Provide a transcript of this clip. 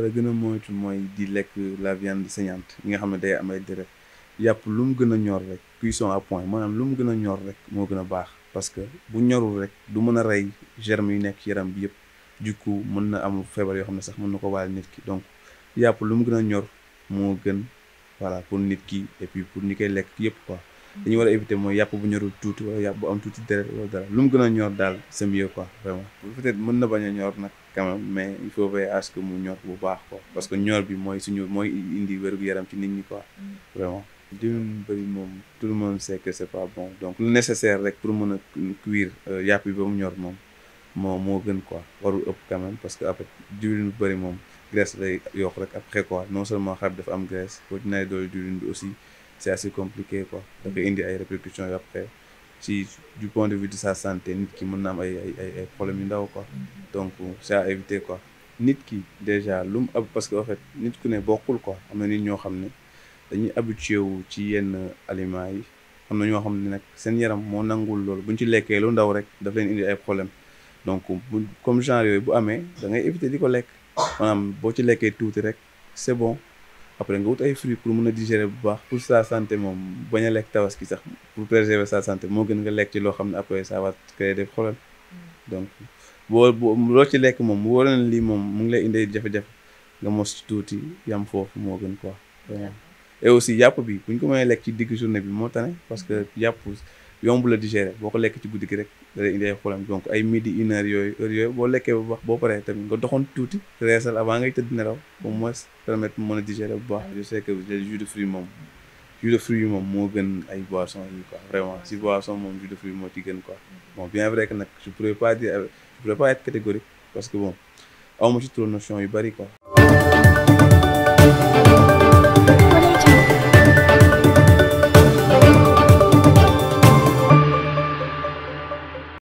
war a gën a moytu di que la viande saignante yi nga ne day am ay lu mu ñor rek cuisson à point maanaam lu mu ñor parce que bu ñorul rek du mën a rey yu nekk yaram bi du coup mën na sax ko donc yàpp lu mu gën a ñor moo pour et puis pour li war a évité mooy yàpp bu ñorul tuuti wala yàpp bu am tuuti deret wala dara lu mu gën a ñor daal c'est mieux quoi vraiment mën na bañ a ñor nag mais il faut veiller que mu ñor bu baax quoi parce que ñor bi mooy suñu mooy indi wér-gu-yaram ci nit ñi quoi vraiment diwlin bëri moom tout le monde sait que pas bon donc lu rek pour mën a cuire euh, yàpp bi ba mu ñor moom moo moo gën quoi warul ëpp quand même parce que après diwlin bu bëri moom graisse lay yokk rek après quoi non seulement xar bi am graisse boo dinaay doole diwlin bi aussi c'est assez compliqué quoi y a ay répercussions yu après ci du point de vue de sa santé nit qui mën na am ay ay problèmes ndaw quoi donc c'est à éviter quoi nit qui déjà lu ab parce que en fait nit ku ne bokkul quoi am na nit ñoo xam dañuy habitué ou ci yenn aliments yi am na ñoo xam ne nag yaram moo nangul loolu bu ñu ci lekkee lu ndaw rek daf leen indi ay problèmes donc comme genre yooyu bu amee da ngay éviter di ko lekk maanaam boo ci lekkee tout rek c'est bon après nga wut ay fruits pour mun a digérer bu baax pour sa santé moom bañ a lekk tabaski sax pour préserver sa santé moo gën nga lekk ci loo xam ne après ça va créer des problèmes mm. donc boo loo ci lekk moom mu waroon lii moom mu ngi lay indee jafe-jafe nga mos ci tuuti yam foofu moo gën quoi. et aussi yàpp bi bu ñu ko mënee lekk ci digg journée bi moo tax parce que yàpp. yomb la digérer boo ko lekk ci guddi gi rek da lay indi ay problème donc ay midi une heure yooyu heure yooyu boo lekkee ba baax boo paree tamit nga doxoon tuuti reesal avant ngay tëdd nelaw au moins permettre mu mën a digérer bu baax je sais que jus de fruit moom jus de fruit yi moom moo gën ay boisson yi quoi vraiment si boisson moom jus de fruit moo ci gën quoi bon bien vrai que nag je pourrais pas dire je pourrais pas être catégorique parce que bon awma ci trop notion yu bari quoi